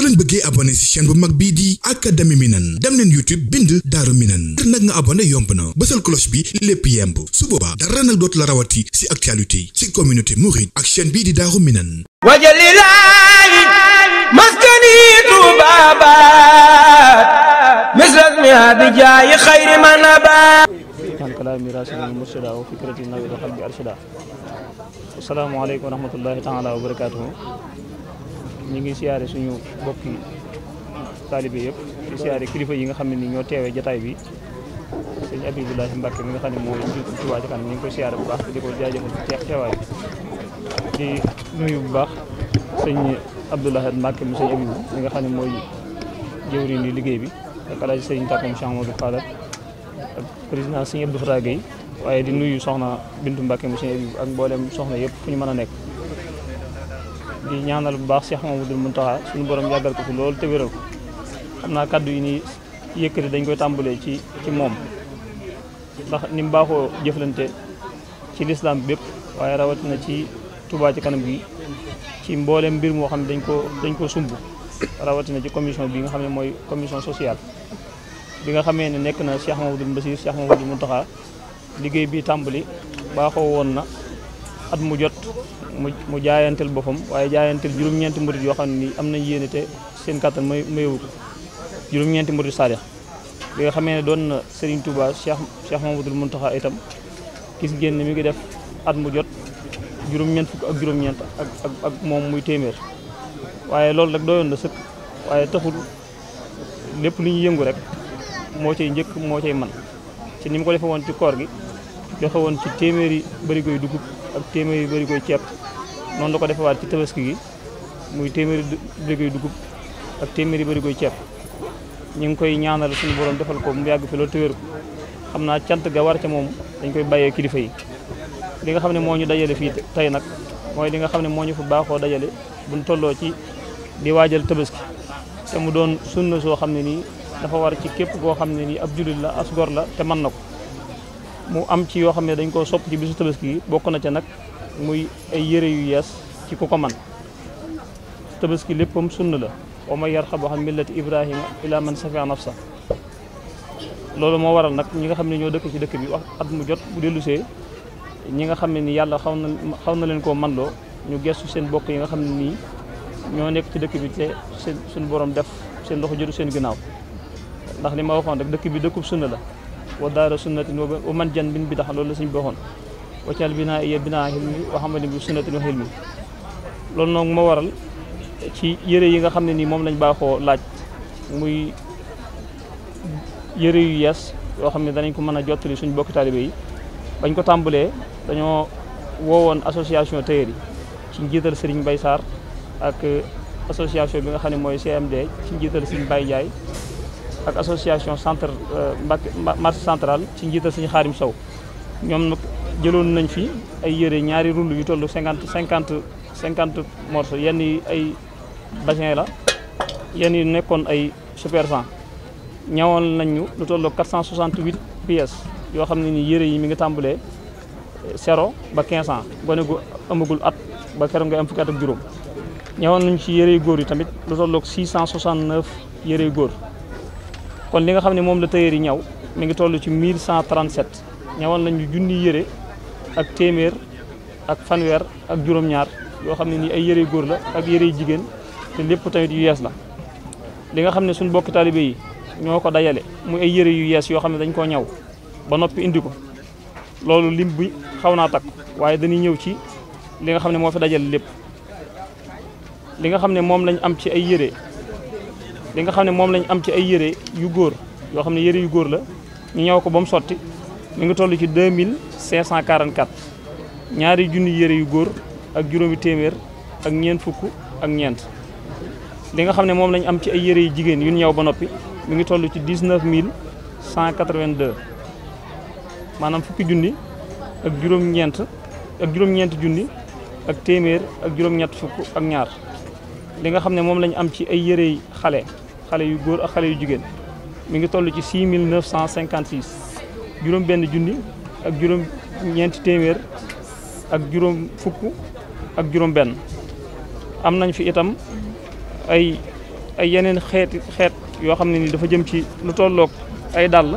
soo leen bëggee abonné ci chaîne bu mag bii di académie Minane dem leen YouTube bind Daaru Minane ngir nag nga abonné yomb na bësal cloche bi lépp yemb su boobaa dara nag dootu la rawati ci actualité ci communauté mouride ak chaîne bii di Daaru Minane wajalilaayi maskani tuubaabaat misras mi abijaayi xayri manabaat kan kalaami raasina mursida wa fikrati nawi wa qalbi arshida assalaamu aleykum wa rahmatullahi taala wa barakaatuhu ñu ngi siyaare suñu bokki taalibe yëpp di siyaare kilifa yi nga xam ne ni ñoo teewee jataay bi sëñ Abibulahi mi nga xam ne mooy jiitu Touba ca kanam ñu ngi koy siyaare bu baax di ko jaajëfal ci teewaay bu baax sëñ Abdoulahi Mbàkke mi sëñ Abibu mi nga xam ne mooy jëwriñ di liggéey bi ak alaaji sëñ Tàkkam Cheikh Modou Fadal ak président sëñ Abdou Fatah Gueye waaye di nuyu soxna Bintu Mbàkke mi sëñ Abibu ak mboolem soxna yëpp fu ñu mën a nekk di ñaanal bu baax Cheikh Mamadou Mountakha suñu borom yàggal ko fi loolu te wéral ko xam naa kaddu yi nii yëkkati dañ koy tàmbalee ci ci moom ndax ni mu baaxoo jëflante ci lislaam bépp waaye rawatina ci Touba ci kanam gi ci mbooleem mbir moo xam ne dañ ko dañ ko sumb rawatina ci commission bi nga xam ne mooy commission sociale bi nga xamee ne nekk na Cheikh Mamadou Bassir Cheikh Mamadou Mountakha liggéey bi tàmbali baaxoo woon at mu jot mu mu jaayantel boppam waaye jaayanteel juróom-ñeenti murit yoo xam ne nii am nañ yéene te seen kàttan may mayewu ko juróom-ñeenti murit saalix bi nga xamee ne doon na Serigne Touba Cheikh Cheikh Mamadou Mountakha itam gis ngeen ne mi ngi def at mu jot juróom ak juróom ak ak moom muy téeméer waaye loolu rek doyoon na sëkk waaye taxul lépp lu ñuy yëngu rek moo cay njëkk moo cay man ci ni mu ko defee woon ci koor gi joxe woon ci téeméeri barigo yu dugub ak téeméeri bëri ceeb noonu la ko defewaat ci tabaski gi muy téeméeri bëri dugub ak téeméeri bëri ceeb ñu ngi koy ñaanal suñu borom defal ko mu yàgg fi loolu téwér ko xam naa cant ga war ca moom dañ koy bàyyee kilifa yi li nga xam ne moo ñu dajale fii tey nag mooy li nga xam ne moo ñu fa baaxoo dajale buñ tolloo ci di waajal tabaski sama mu doon sunna soo xam ne nii dafa war ci képp koo xam ne nii ab jullit la asgor la te mën na ko mu am ci yoo xam ne dañ koo sopp ci bisu tabaski bokk na ca nag muy ay yëre yu yees ci ku ko man tabaski léppam sunna la wa man yarxabu an millati ibrahima ila man safia nafsa loolu moo waral nag ñi nga xam ne ñoo dëkk ci dëkk bi wax at mu jot bu dellusee ñi nga xam ne ni yàlla xaw na xaw na leen koo man loo ñu gestu seen bokk yi nga xam ne nii ñoo nekk ci dëkk bi te seen suñu borom def seen loxo jëru seen ginnaaw ndax li ma waxoon rek dëkk bi dëkkub sunna la wa daara sunnatin wa man jan bin bidax loolu la suñ booxoon waccal binaa iya binaa xilmi wa xamali bi sunnatin wa xilmi loolu noonu ma waral ci yëre yi nga xam ne nii moom lañ baaxoo laaj muy yëre yu yees yoo xam ne danañ ko mën a jottali suñ bokki taalibe yi bañ ko tàmbalee dañoo woowoon association te yi ci njiital Serigne bay Sarr ak association bi nga xam ne mooy CMD ci njiital Serigne bay Ndiaye ak association centre euh, Mbacké marché central ci njiital suñu xaarim sow ñoom nag jëloon nañ fi ay yére ñaari rull yu toll cinquante cinquante cinquante morceaux yenn yi ay bassin la yenn yi nekkoon ay super cent ñawoon nañ ñu lu toll 468 pièces yoo xam ne ni yére yi mi ngi tàmbalee zéro ba 15 ans gone gu amagul at ba keroog ngay am fukki at ak juróom ñawoon nañ ci yére yu góor yi tamit lu toll 669 yére yu góor. kon li nga xam ne moom la tailleur yi ñaw mi ngi toll ci 1137 ñawoon nañu junni yére ak téeméer ak fanweer ak juróom-ñaar yoo xam ne nii ay yére góor la ak yëre jigéen te lépp tamit yu yees la. li nga xam ne suñ bokki taalibe yi ñoo ko dajale muy ay yére yu yees yoo xam ne dañ koo ñaw ba noppi indi ko loolu lim bi xaw naa takk waaye dañuy ñëw ci li nga xam ne moo fi dajale lépp li nga xam ne moom lañ am ci ay yére li nga xam ne moom lañ am ci ay yére yu góor yoo xam ne yére yu góor la ñu ñëw ko ba mu sotti mi ngi toll ci 2544 ñaari junni yére yu góor ak juróomi téeméer ak ñeent fukk ak ñeent li nga xam ne moom lañ am ci ay yére yu jigéen yu ñëw ba noppi mi ngi toll ci 19182 maanaam fukki junni ak juróom-ñeent ak juróom junni ak téeméer ak juróom-ñett fukk ak ñaar li nga xam ne moom lañ am ci ay yére xale xale yu góor ak xale yu jigéen mu ngi toll ci 6 956 juróom benn junni ak juróom ñeenti téeméer ak juróom fukk ak juróom benn am nañ fi itam ay ay yeneen xeeti xeet yoo xam ne ni dafa jëm ci lu tolloog ay dàll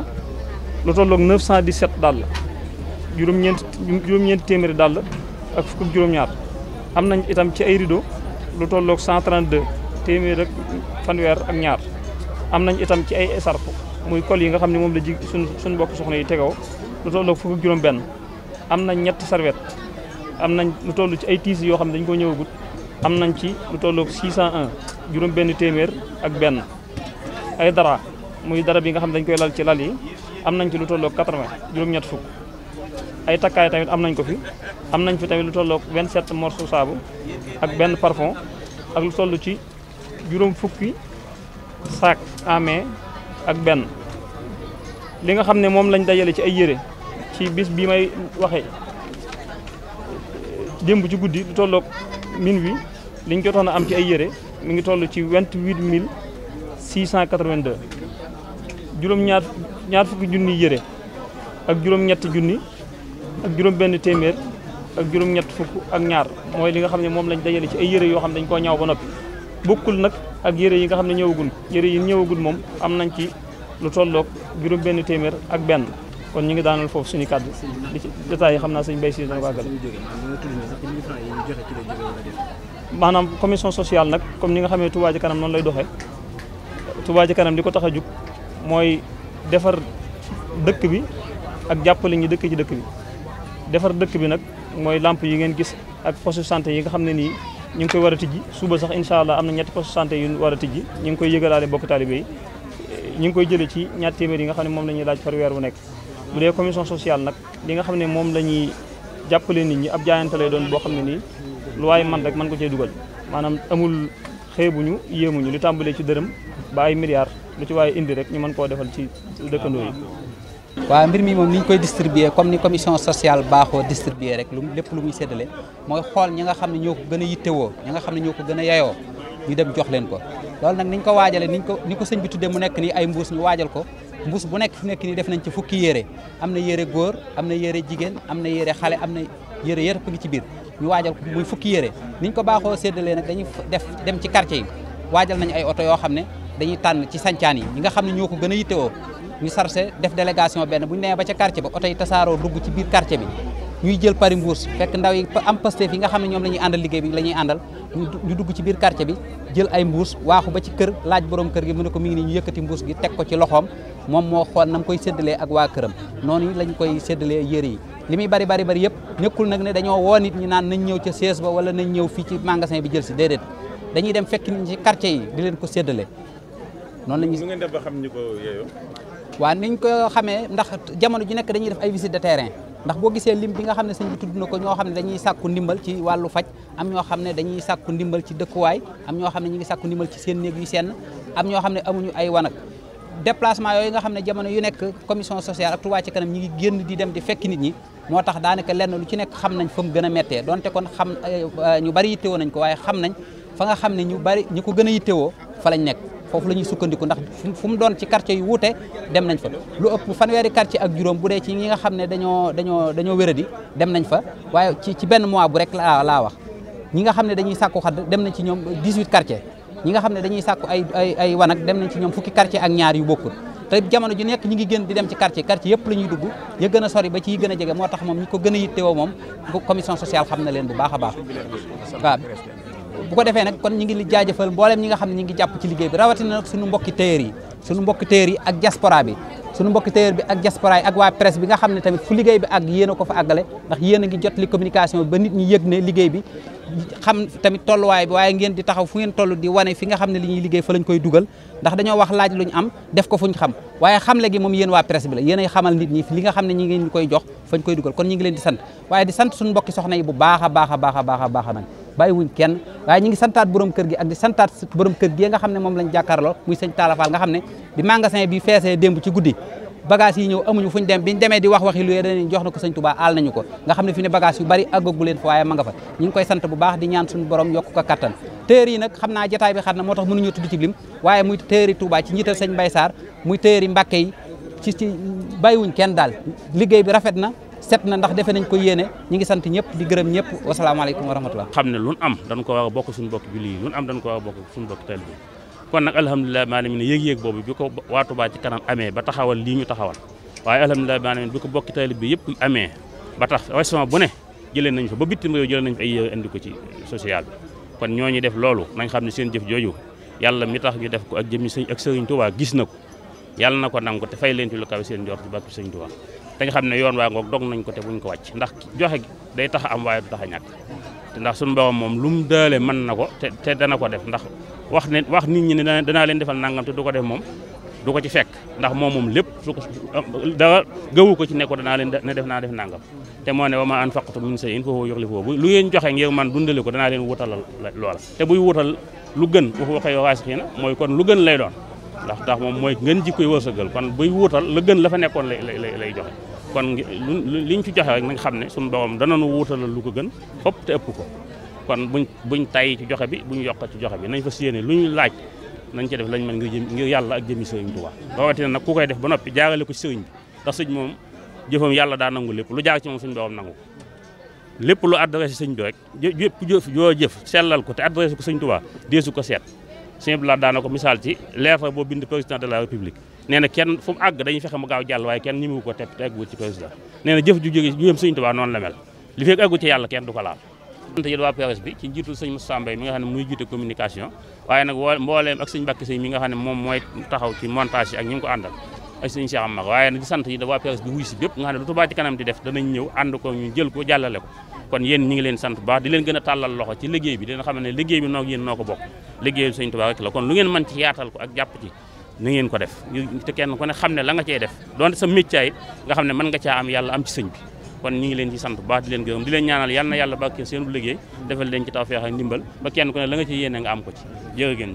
lu tolloog 917 dàll juróom-ñeent juróom-ñeent téeméeri dàll ak fukk ak juróom-ñaar am nañ itam ci ay rido lu tolloog 132 téeméer ak fanweer ak ñaar am nañ itam ci ay écharpe muy col yi nga xam ne moom la ji suñ suñ bokk soxna yi tegoo lu toll ak fukk juróom benn am nañ ñetti serviette am nañ lu toll ci ay tiis yoo xam ne dañ ko ñëwagut am nañ ci lu toll ak 601 juróom benn téeméer ak benn ay dara muy dara bi nga xam dañ koy lal ci lal yi am nañ ci lu toll ak 80 juróom-ñett fukk ay takkaay tamit am nañ ko fi am nañ fi tamit lu toll ak 27 morceaux saabu ak benn parfum ak lu toll ci juróom fukki saak amee ak benn li nga xam ne moom lañ dajale ci ay yére ci bis bi may waxe démb ci guddi du tollook min wi liñ jotoon a am ci ay yére mi ngi toll ci vingt-huit mille six cent juróom ñaar ñaar fukki junni yére ak juróom-ñetti junni ak juróom-benn téeméer ak juróom-ñett fukk ak ñaar mooy li nga xam ne moom lañ dajale ci ay yére yoo xam dañ koo ñaaw ba noppi bokkul nag ak yére yi nga xam ne ñëwagul yére yi ñëwagul moom am nañ ci lu tolloog juróom benn téeméer ak benn kon ñu ngi daanal foofu suñu kàddu li ci yi xam naa suñu bay si dana ko àggal maanaam commission sociale nag comme ni nga xamee Touba Ca Kanam noonu lay doxee Touba Ca Kanam li ko tax a jug mooy defar dëkk bi ak jàppale ñi dëkk ci dëkk bi defar dëkk bi nag mooy làmp yi ngeen gis ak poste santé yi nga xam ne nii ñu ngi koy war a tijji suba sax incha allah am na ñetti poste santé yu war a tijji ñu ngi koy yëgalaale bokk taalibe yi ñu ngi koy jëlee ci ñaar téeméer yi nga xam ne moom la ñuy laaj par weer bu nekk bu dee commission sociale nag li nga xam ne moom la ñuy jàppale nit ñi ab jaayante doon boo xam ne nii lu waaye man rek man ko cee dugal maanaam amul xeebuñu ñu lu tàmbalee ci dërëm ba ay milliards lu ci waaye indi rek ñu mën koo defal ci dëkkandoo yi waaw mbir mi moom ni ñu koy distribuer comme ni commission sociale baaxoo distribuer rek lu lépp lu muy séddale mooy xool ñi nga xam ne ñoo ko gën a yittewoo ñi nga xam ne ñoo ko gën a yayoo ñu dem jox leen ko loolu nag niñ ko waajalee niñ ko ni ko sëñ bi tuddee mu nekk nii ay mbuus ñu waajal ko mbuus bu nekk fi nekk nii def nañ ci fukki yére am na yére góor am na yére jigéen am na yére xale am na yére yëpp ngi ci biir ñu waajal ko muy fukki yére niñ ko baaxoo séddalee nag dañuy def dem ci quartier yi waajal nañ ay yoo xam ne dañuy tànn ci sancaan yi ñi nga xam ne ñoo ko gën a yittewoo ñu sarse def délégation benn bu ñu demee ba ca quartier ba oto yi tasaaroo dugg ci biir quartier bi ñuy jël pari mbuus fekk ndaw yi am Pastef yi nga xam ne ñoom lañu ñuy àndal liggéey bi la ñuy ñu dugg ci biir quartier bi jël ay mbuus waaxu ba ci kër laaj borom kër gi mu ne ko mi ngi nii ñu yëkkati mbuus gi teg ko ci loxoom moo xool na mu koy séddalee ak waa këram noonu lañ koy séddalee yére yi li muy bari bari bari yëpp nekkul nag ne dañoo woo nit ñi naan nañ ñëw ca sees ba wala nañ ñëw fi ci magasin bi jël si déedéet dañuy dem fekk nit ñi ci quartier yi di leen ko séddale noonu la ñuy ngeen def ba xam ñi ko yeeyoo waa niñ ko xamee ndax jamono ji nekk dañuy def ay visite de terrain ndax boo gisee lim bi nga xam ne sëñ bi tudd na ko ñoo xam ne dañuy sàkku ndimbal ci wàllu faj am ñoo xam ne dañuy ndimbal ci dëkkuwaay am ñoo xam ne ñu ngi sàkku ndimbal ci seen néeg yu seen am ñoo xam ne amuñu ay wanag déplacement yooyu nga xam ne jamono yu nekk commission sociale ak Touba ci kanam ñi ngi génn di dem di fekk nit ñi moo tax daanaka lenn lu ci nekk xam nañ fa mu gën a méttee donte kon xam euh, ñu bari yittewoo nañ ko waaye xam nañ fa nga xam ne ñu bari ñu ko gën a yittewoo fa lañ nekk foofu la ñuy sukkandiku ndax fu mu doon ci quartier yu wuute dem nañ fa lu ëpp fanweeri quartier ak juróom bu dee ci ñi nga xam ne dañoo dañoo dañoo wéradi dem nañ fa waaye ci ci benn mois bu rek laa laa wax ñi nga xam ne dañuy sàkku xadd dem nañ ci ñoom 18 quartier ñi nga xam ne dañuy sàkku ay ay ay wanag dem nañ ci ñoom fukki quartier ak ñaar yu bokkul te jamono ju nekk ñi ngi gën di dem ci quartier quartier yëpp la ñuy dugg ya gën a sori ba ci gën a jege moo tax moom ñi ko gën a yittewoo moom commission sociale xam na leen bu baax a baax bu ko defee nag kon ñi ngi li jaajëfal mbooleem ñi nga xam ne ñi ngi jàpp ci liggéey bi rawatina nag suñu mbokki téer yi suñu mbokki téer yi ak diaspora bi suñu mbokki téer bi ak diaspora yi ak waa presse bi nga xam ne tamit fu liggéey bi ak yéen ko fa àggale ngi jot communication ba nit ñi yëg ne liggéey bi xam tamit tolluwaay bi waaye di taxaw fu ngeen toll di wane fi nga xam ne li ñuy liggéey fa lañ koy dugal ndax dañoo wax laaj luñ am def ko fuñ xam waaye xamle gi moom yéen waa presse bi la yéen xamal nit ñi li nga xam ne ñi ngeen koy jox fañ koy dugal kon ñi ngi leen di sant waaye di sant suñu mbokki soxna bu baax a baax a baax a baax bàyyi wuñ kenn waaye ñu ngi santaat borom kër gi ak di santaat borom kër gi nga xam ne moom lañ jàkkaarloo muy sëñ Talla Fall nga xam ne bi magasin bi feesee démb ci guddi bagage yi ñëw amuñu fuñ dem biñ demee di wax waxi luyee dañu jox na ko sëñ Touba aal nañu ko nga xam ne fi ne bagage yu bari àggagu leen fa waaye ma fa ñu ngi koy sant bu baax di ñaan suñu borom yokk ko kattan téer yi nag xam naa jataay bi xat na moo tax mënuñu tudd ci lim waaye muy téer yi Touba ci njiital sëñ Mbaye Sarr muy téer yi Mbàkke ci ci kenn daal liggéey bi rafet na set na ndax defe nañ ko yéene ñi ngi sant ñëpp di gërëm ñëpp wasalaamaaleykum wa rahmatullah xam ne lun am dañ ko war bokk suñu bokk julli yi lun am dañ ko war bokk suñu bokk teel bi kon nag alhamdulilah maanaam ne yéeg-yéeg boobu bi ko waa Touba ci kanam amee ba taxawal lii ñu taxawal waaye alhamdulilah maanaam bi ko bokk teel bi yëpp amee ba tax restaurant bu ne jëlee nañ fa ba bitim réew nañ ay indi ko ci social bi kon ñooñu def loolu nañ xam ne seen jëf jooju yàlla mi tax ñu def ko ak jëmmi sëñ ak sëriñ Touba gis na ko yàlla na ko nangu te fay leen ci lu seen njort ci sëñ Touba dañ xam ne yoon waa ngoog dog nañ ko te buñ ko wàcc ndax joxe gi day tax am waaye du tax a ndax suñu borom moom lu mu daale mën na ko te te dana ko def ndax wax ne wax nit ñi ne danaa leen defal nangam te du ko def moom du ko ci fekk ndax moom moom lépp su ko da gëwu ko ci ne ko danaa leen ne def naa def nangam te moo ne wa ma anfaqtum min shay'in fa huwa yukhlifuhu bu lu yeen joxe ngeen man dundale ko danaa leen wutalal loola te buy wutal lu gën waxu waxee waasi xii na mooy kon lu gën lay doon ndax ndax moom mooy ngeen ji koy wërsëgal kon buy wuutal la gën la fa nekkoon lay lay lay joxe kon liñ ci joxe rek na xam ne suñu borom danañu wuutalal lu ko gën fopp te ëpp ko kon buñ buñ tay ci joxe bi buñ yokk ci joxe bi nañ fa sééne lu ñu laaj nañ ci def lañ mën ngir jëm ngir yàlla ak jëmi sëriñ Tuubaa rawatina nag ku koy def ba noppi jaarale ko ci sëriñ bi ndax sëñ moom jëfam yàlla daa nangu lépp lu jaar ci moom suñu borom nangu lépp lu adressé sëñ bi rek jëpp jëf joo jëf sellal ko te adressé ko sëñ Tuubaa deesu ko seet sëñ Abdoulaye daan na ko misaal ci lettre boo bind président de la république nee na kenn fu mu àgg fexe mu gaaw jàll waaye kenn ñimewu ko tepp te eggul ci ji nee na jëf ju jóge ju yëm mi nga xam ne muy jiite communication waaye nag woo mbooleem ak sëñ Mbàkke sëñ mi nga xam ne moom mooy taxaw ci montage yi ak ñi ngi ko ak sëñ Cheikh Amar waaye nag di sant yi da waa presse bi wuy si bépp nga xam ne lu kanam di def danañ ñëw ànd ko ñu jël ko jàllale ko kon yéen ñi ngi leen sant bu baax di leen gën a tàllal loxo ci liggéey bi dina xam ne liggéey bi noo ko bokk liggéey sëñ Tuubaa kon lu ngeen mën ci yaatal ko ak jàpp ci ni ko def te kenn ku ne xam ne la nga cee def donte sa métier nga xam ne mën nga caa am yàlla am ci sëñ bi kon ñi ci sant baax di leen gërëm di leen ñaanal yal na yàlla bàkkee seen bu liggéey defal leen ci tawfeex ndimbal ba kenn ku ne la nga ci yéene nga am ko ci jërë